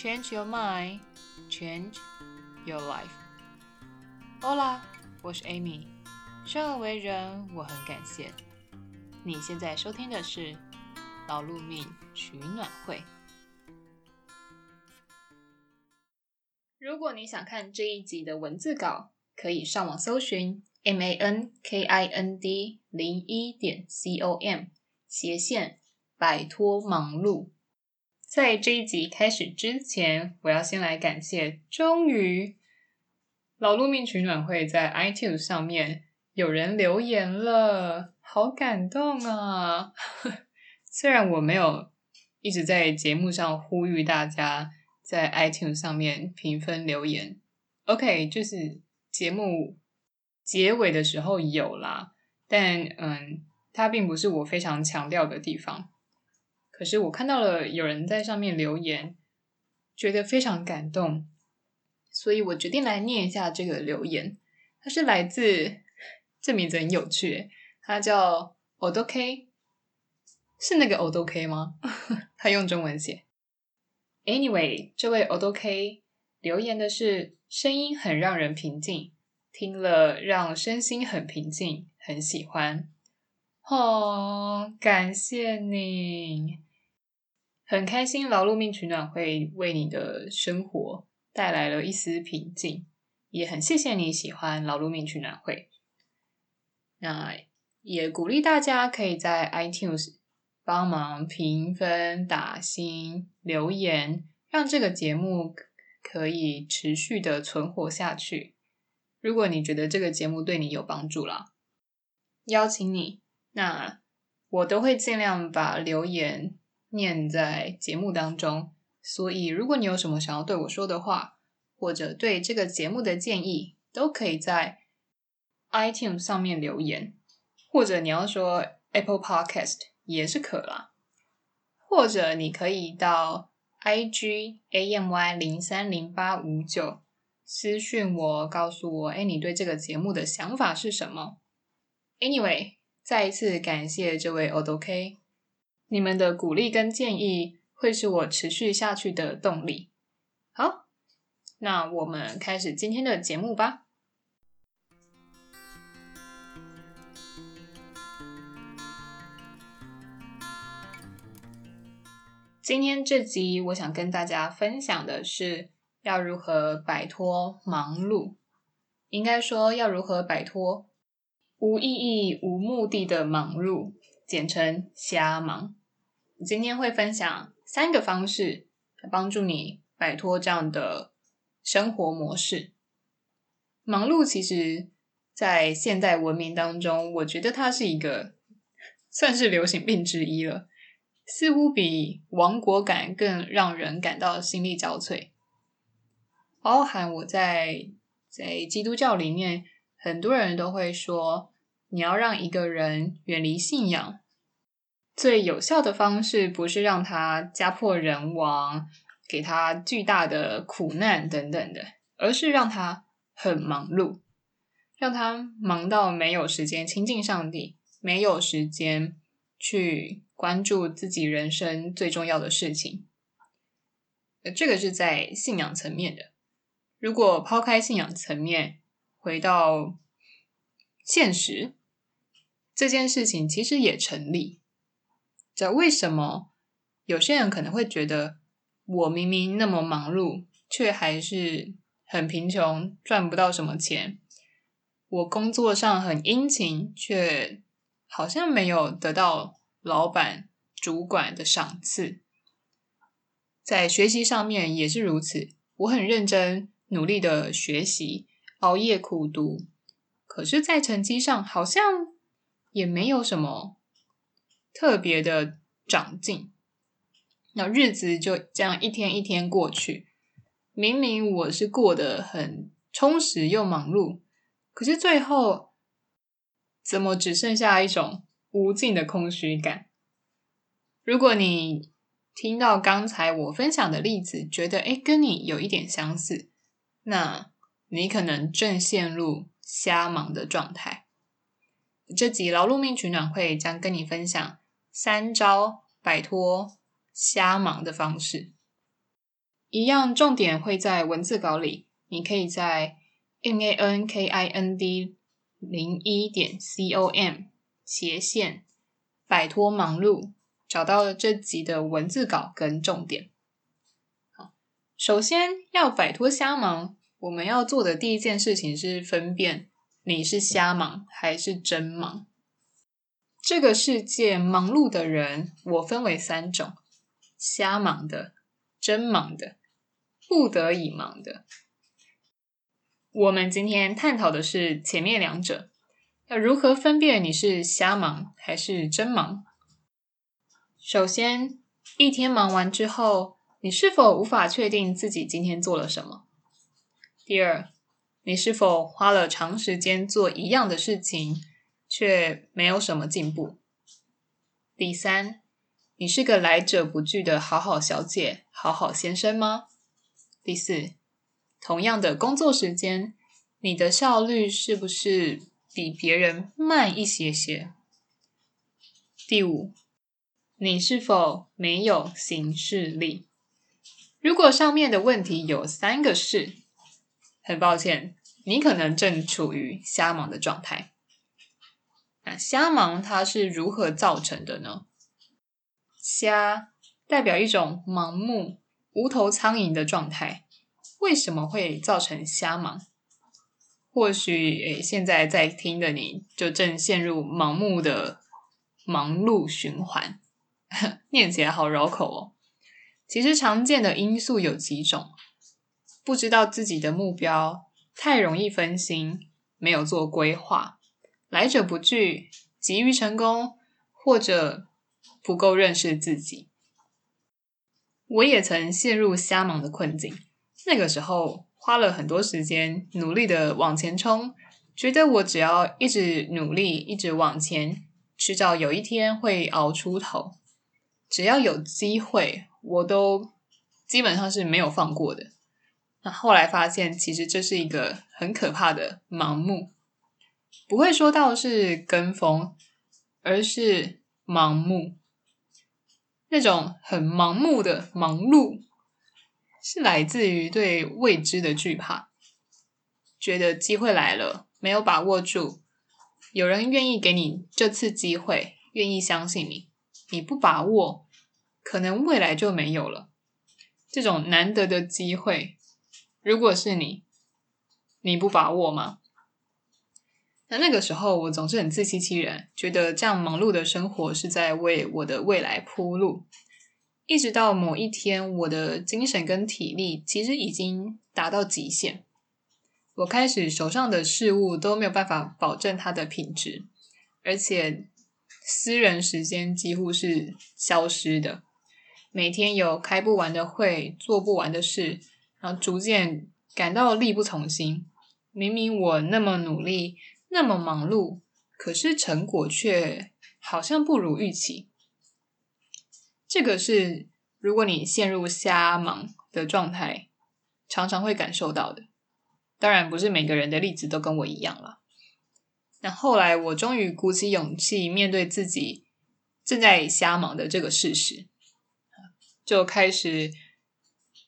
Change your mind, change your life. Hola，我是 Amy。生而為人，我很感謝。你現在收聽的是《勞碌命取暖會》。如果你想看這一集的文字稿，可以上網搜尋 mankind 零一點 com 斜線擺脫忙碌。在這一集開始之前，我要先來感謝，終於勞碌命取暖會在 iTunes 上面有人留言了，好感動啊！ 雖然我沒有一直在節目上呼籲大家在 iTunes 上面評分留言，OK，就是節目結尾的時候有啦，但嗯，它並不是我非常強調的地方。可是我看到了有人在上面留言，覺得非常感動，所以我決定來念一下這個留言。他是來自，這名字很有趣，他叫 Odok，是那個 Odok 嗎？他 用中文寫。Anyway，這位 Odok 留言的是聲音很讓人平靜，聽了讓身心很平靜，很喜歡。哦，感謝你。很開心，勞碌命取暖會為你的生活帶來了一絲平靜，也很謝謝你喜歡勞碌命取暖會。那也鼓勵大家可以在 iTunes 幫忙評分、打星、留言，讓這個節目可以持續的存活下去。如果你覺得這個節目對你有幫助了，邀請你，那我都會盡量把留言。念在節目當中，所以如果你有什麼想要對我說的話，或者對這個節目的建議，都可以在 iTunes 上面留言，或者你要說 Apple Podcast 也是可啦，或者你可以到 IG AMY 030859私訊我，告訴我，哎，你對這個節目的想法是什麼？Anyway，再一次感謝這位 Old K。你們的鼓勵跟建議會是我持續下去的動力。好，那我們開始今天的節目吧。今天這集我想跟大家分享的是要如何擺脫忙碌。應該說要如何擺脫無意義、無目的的忙碌，簡稱瞎忙。今天會分享三個方式來幫助你擺脫這樣的生活模式。忙碌其實，在現代文明當中，我覺得它是一個算是流行病之一了，似乎比亡國感更讓人感到心力交瘁。包含我在，在基督教裡面，很多人都會說，你要讓一個人遠離信仰。最有效的方式不是讓他家破人亡，給他巨大的苦難等等的，而是讓他很忙碌，讓他忙到沒有時間親近上帝，沒有時間去關注自己人生最重要的事情。這個是在信仰層面的。如果拋開信仰層面，回到現實，這件事情其實也成立。在為什麼有些人可能會覺得我明明那麼忙碌，卻還是很貧窮，賺不到什麼錢？我工作上很殷勤，卻好像沒有得到老闆主管的賞賜。在學習上面也是如此，我很認真努力的學習，熬夜苦讀，可是，在成績上好像也沒有什麼。特別的長進，那日子就這樣一天一天過去。明明我是過得很充實又忙碌，可是最後怎麼只剩下一種無盡的空虛感？如果你聽到剛才我分享的例子，覺得誒、欸、跟你有一點相似，那你可能正陷入瞎忙的狀態。這集勞碌命取暖會將跟你分享。三招擺脫瞎忙的方式，一樣重點會在文字稿裡。你可以在 m a n k i n d 零一點 c o m 斜線擺脫忙碌，找到了這集的文字稿跟重點。好，首先要擺脫瞎忙，我們要做的第一件事情是分辨你是瞎忙還是真忙。這個世界忙碌的人，我分為三種：瞎忙的、真忙的、不得已忙的。我們今天探討的是前面兩者。要如何分辨你是瞎忙還是真忙？首先，一天忙完之後，你是否無法確定自己今天做了什麼？第二，你是否花了長時間做一樣的事情？卻沒有什麼進步。第三，你是個來者不拒的好好小姐、好好先生嗎？第四，同樣的工作時間，你的效率是不是比別人慢一些些？第五，你是否沒有行事力？如果上面的問題有三個是，很抱歉，你可能正處於瞎忙的狀態。瞎忙它是如何造成的呢？瞎代表一種盲目、無頭蒼蠅的狀態。為什麼會造成瞎忙？或許誒，現在在聽的你就正陷入盲目的忙碌循環，呵，念起來好繞口哦。其實常見的因素有幾種：不知道自己的目標，太容易分心，沒有做規劃。來者不拒，急於成功，或者不夠認識自己。我也曾陷入瞎忙的困境，那個時候花了很多時間，努力的往前衝，覺得我只要一直努力，一直往前，遲早有一天會熬出頭。只要有機會，我都基本上是沒有放過的。那後來發現，其實這是一個很可怕的盲目。不會說到是跟風，而是盲目，那種很盲目的忙碌，是來自於對未知的懼怕，覺得機會來了，沒有把握住，有人願意給你這次機會，願意相信你，你不把握，可能未來就沒有了。這種難得的機會，如果是你，你不把握嗎？那那個時候，我總是很自欺欺人，覺得這樣忙碌的生活是在為我的未來鋪路。一直到某一天，我的精神跟體力其實已經達到極限，我開始手上的事物都沒有辦法保證它的品質，而且私人時間幾乎是消失的。每天有開不完的會，做不完的事，然後逐漸感到力不從心。明明我那麼努力。那麼忙碌，可是成果卻好像不如預期。這個是如果你陷入瞎忙的狀態，常常會感受到的。當然，不是每個人的例子都跟我一樣了。那後來，我終於鼓起勇氣面對自己正在瞎忙的這個事實，就開始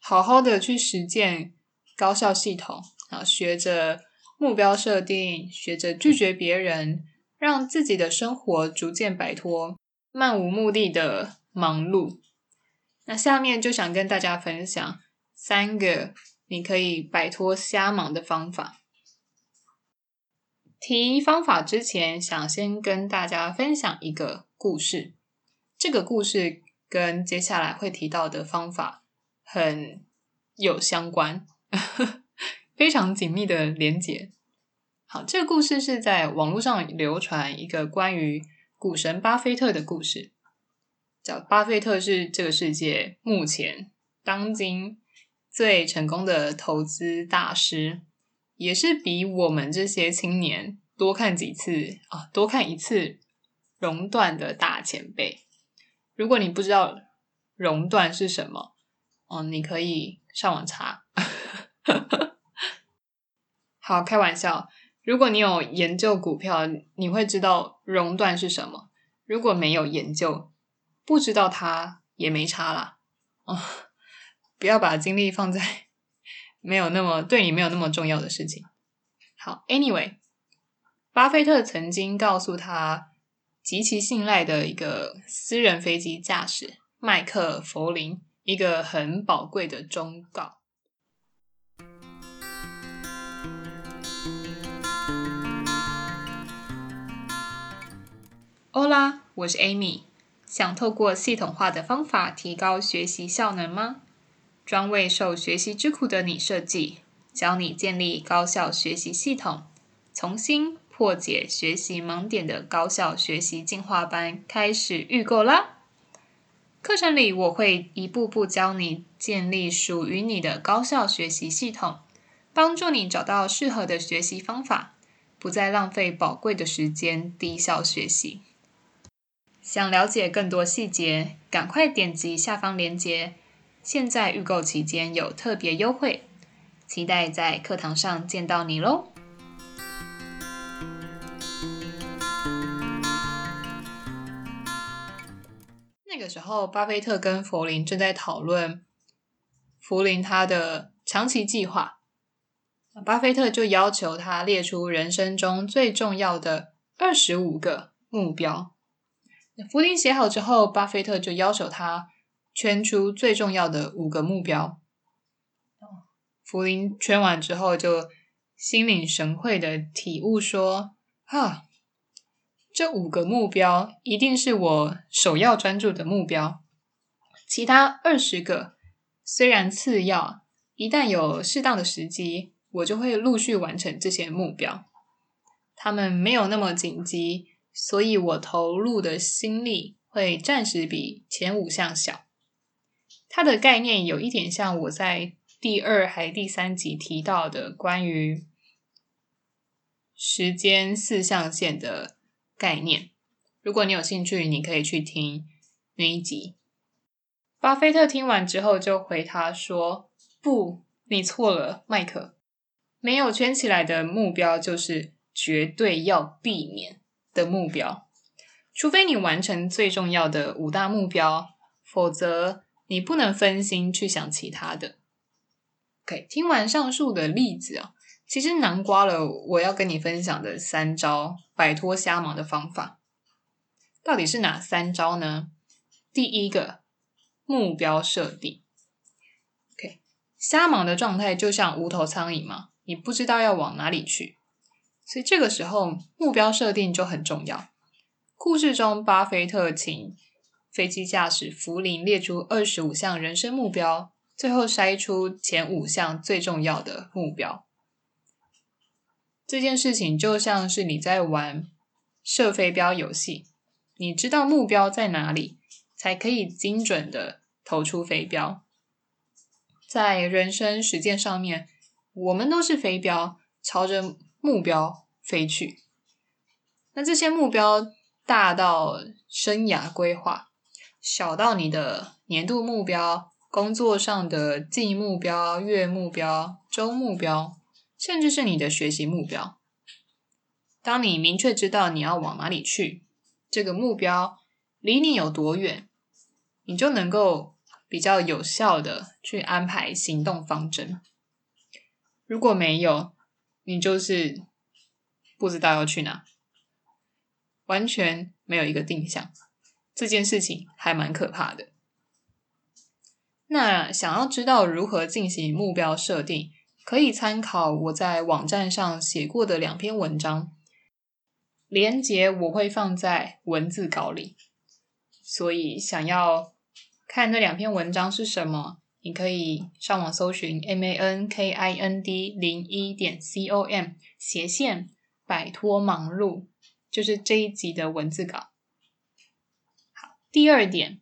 好好的去實踐高效系統，啊，學着。目標設定，學着拒絕別人，讓自己的生活逐漸擺脫漫無目的的忙碌。那下面就想跟大家分享三個你可以擺脫瞎忙的方法。提方法之前，想先跟大家分享一個故事。這個故事跟接下來會提到的方法很有相關。 非常緊密的連結。好，這個故事是在網絡上流傳一個關於股神巴菲特的故事，叫巴菲特是這個世界目前當今最成功的投資大師，也是比我們這些青年多看幾次啊，多看一次熔斷的大前輩。如果你不知道熔斷是什麼，哦，你可以上網查。 好，開玩笑。如果你有研究股票，你會知道熔斷是什麼；如果沒有研究，不知道它也沒差啦。啊、哦，不要把精力放在沒有那麼對你沒有那麼重要的事情。好，anyway，巴菲特曾經告訴他極其信賴的一個私人飛機駕駛麥克弗林，一個很寶貴的忠告。歐拉，Hola, 我是 Amy，想透過系統化的方法提高學習效能嗎？專為受學習之苦的你設計，教你建立高效學習系統，重新破解學習盲點的高效學習進化班開始預購啦！課程裡我會一步步教你建立屬於你的高效學習系統，幫助你找到適合的學習方法，不再浪費寶貴的時間低效學習。想了解更多細節，趕快點擊下方鏈接。現在預購期間有特別優惠，期待在課堂上見到你嘍！那個時候，巴菲特跟弗林正在討論弗林他的長期計劃，巴菲特就要求他列出人生中最重要的二十五個目標。福林寫好之後，巴菲特就要求他圈出最重要的五個目標。福林圈完之後，就心領神會的體悟說：“哈、啊，這五個目標一定是我首要專注的目標，其他二十個雖然次要，一旦有適當的時機，我就會陸續完成這些目標。他們沒有那麼緊急。”所以我投入的心力會暫時比前五項小。它的概念有一點像我在第二還第三集提到的關於時間四象限的概念。如果你有興趣，你可以去聽那一集。巴菲特聽完之後就回他說：“不，你錯了，邁克。沒有圈起來的目標就是絕對要避免。”的目標，除非你完成最重要的五大目標，否則你不能分心去想其他的。OK，聽完上述的例子啊、哦，其實南瓜了我要跟你分享的三招擺脫瞎忙的方法，到底是哪三招呢？第一個目標設定。OK，瞎忙的狀態就像無頭蒼蠅嘛，你不知道要往哪裡去。所以這個時候，目標設定就很重要。故事中，巴菲特請飛機駕駛福林列出二十五項人生目標，最後篩出前五項最重要的目標。這件事情就像是你在玩射飛鏢遊戲，你知道目標在哪裡，才可以精準的投出飛鏢。在人生實踐上面，我們都是飛鏢，朝着目標飛去，那這些目標大到生涯規劃，小到你的年度目標、工作上的季目標、月目標、周目標，甚至是你的學習目標。當你明確知道你要往哪裡去，這個目標離你有多遠，你就能夠比較有效的去安排行動方針。如果沒有，你就是不知道要去哪，完全沒有一個定向，這件事情還蠻可怕的。那想要知道如何進行目標設定，可以參考我在網站上寫過的兩篇文章，連結我會放在文字稿裡。所以想要看那兩篇文章是什麼？你可以上網搜尋 m a n k i n d 零一點 c o m 斜線擺脫忙碌，就是這一集的文字稿。好，第二點，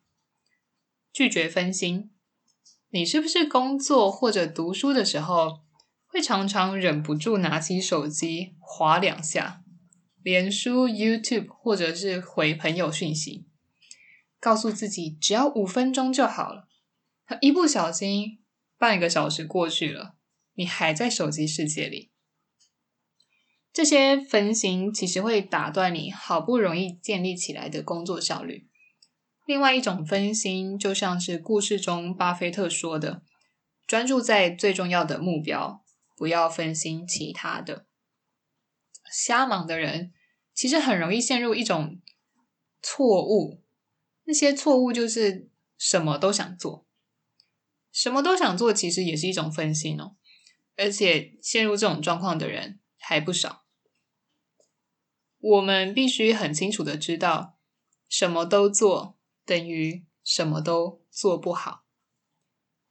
拒絕分心。你是不是工作或者讀書的時候，會常常忍不住拿起手機滑兩下，連書、YouTube 或者是回朋友訊息？告訴自己，只要五分鐘就好了。一不小心，半個小時過去了，你還在手機世界裡。這些分心其實會打斷你好不容易建立起來的工作效率。另外一種分心，就像是故事中巴菲特說的：“專注在最重要的目標，不要分心其他的。”瞎忙的人其實很容易陷入一種錯誤，那些錯誤就是什麼都想做。什麼都想做，其實也是一種分心哦。而且陷入這種狀況的人還不少。我們必須很清楚的知道，什麼都做等於什麼都做不好，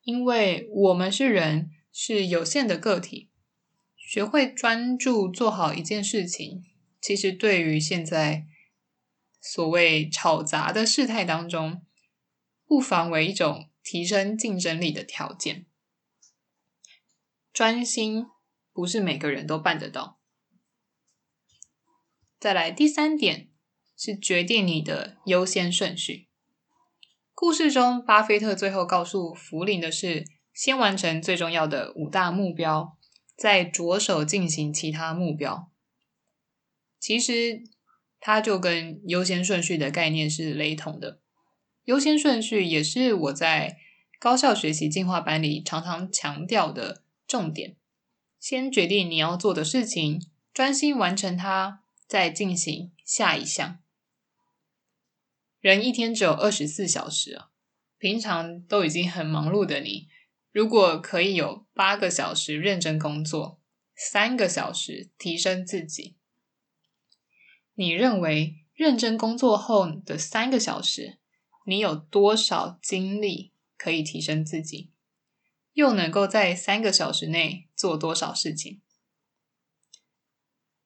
因為我們是人，是有限的個體。學會專注做好一件事情，其實對於現在所謂吵雜的事態當中，不妨為一種。提升競爭力的條件。專心不是每個人都辦得到。再來第三點是決定你的優先順序。故事中，巴菲特最後告訴弗林的是：先完成最重要的五大目標，再着手進行其他目標。其實，它就跟優先順序的概念是雷同的。優先順序也是我在高效學習進化班裡常常強調的重點。先決定你要做的事情，專心完成它，再進行下一項。人一天只有二十四小時，平常都已經很忙碌的你，如果可以有八個小時認真工作，三個小時提升自己，你認為認真工作後的三個小時？你有多少精力可以提升自己，又能夠在三個小時內做多少事情？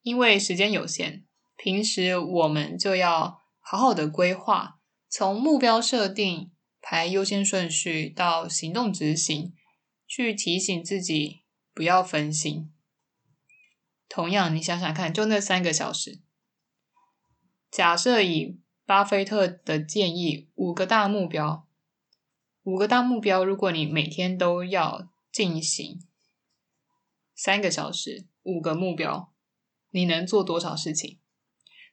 因為時間有限，平時我們就要好好的規劃，從目標設定、排優先順序到行動執行，去提醒自己不要分心。同樣，你想想看，就那三個小時，假設以。巴菲特的建議：五個大目標，五個大目標。如果你每天都要進行三個小時，五個目標，你能做多少事情？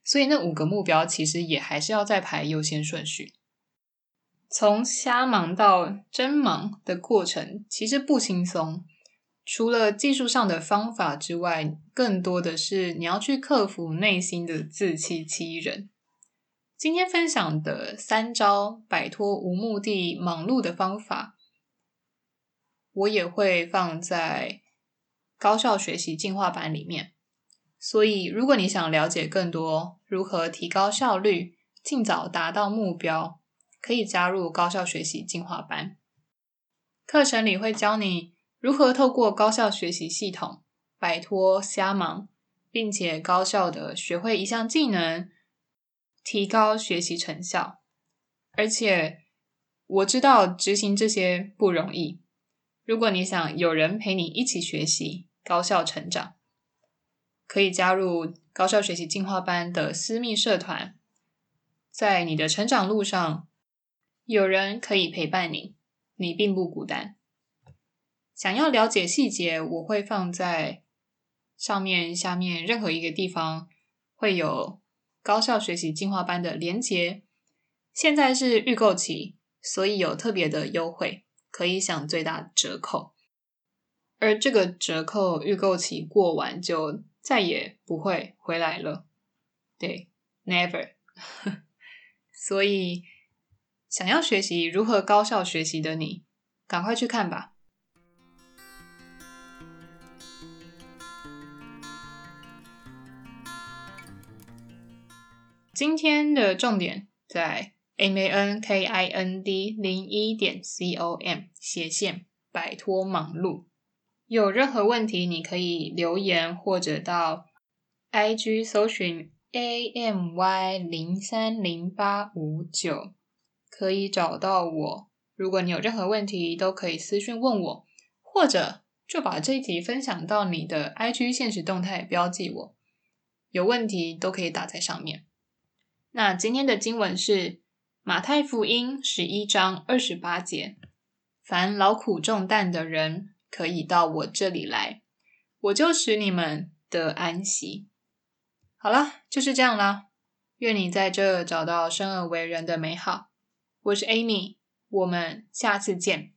所以，那五個目標其實也還是要再排優先順序。從瞎忙到真忙的過程，其實不輕鬆。除了技術上的方法之外，更多的是你要去克服內心的自欺欺人。今天分享的三招擺脫無目的忙碌的方法，我也會放在高效學習進化班裡面。所以，如果你想了解更多如何提高效率、盡早達到目標，可以加入高效學習進化班。課程裡會教你如何透過高效學習系統擺脫瞎忙，並且高效的學會一項技能。提高學習成效，而且我知道執行這些不容易。如果你想有人陪你一起學習、高效成長，可以加入高效學習進化班的私密社團，在你的成長路上有人可以陪伴你，你並不孤單。想要了解細節，我會放在上面、下面任何一個地方會有。高效學習進化班的連接，現在是預購期，所以有特別的優惠，可以享最大折扣。而這個折扣預購期過完就再也不會回來了，對，Never。 所以，想要學習如何高效學習的你，趕快去看吧。今天的重點在 m a n k i n d 零一點 c o m 斜線擺脫忙碌。有任何問題，你可以留言或者到 i g 搜尋 a m y 零三零八五九，可以找到我。如果你有任何問題，都可以私訊問我，或者就把這一集分享到你的 i g 限時動態，標記我。有問題都可以打在上面。那今天的經文是馬太福音十一章二十八節：“凡勞苦重擔的人，可以到我這裡來，我就使你們得安息。”好啦，就是這樣啦。願你在這找到生而為人的美好。我是 Amy，我們下次見。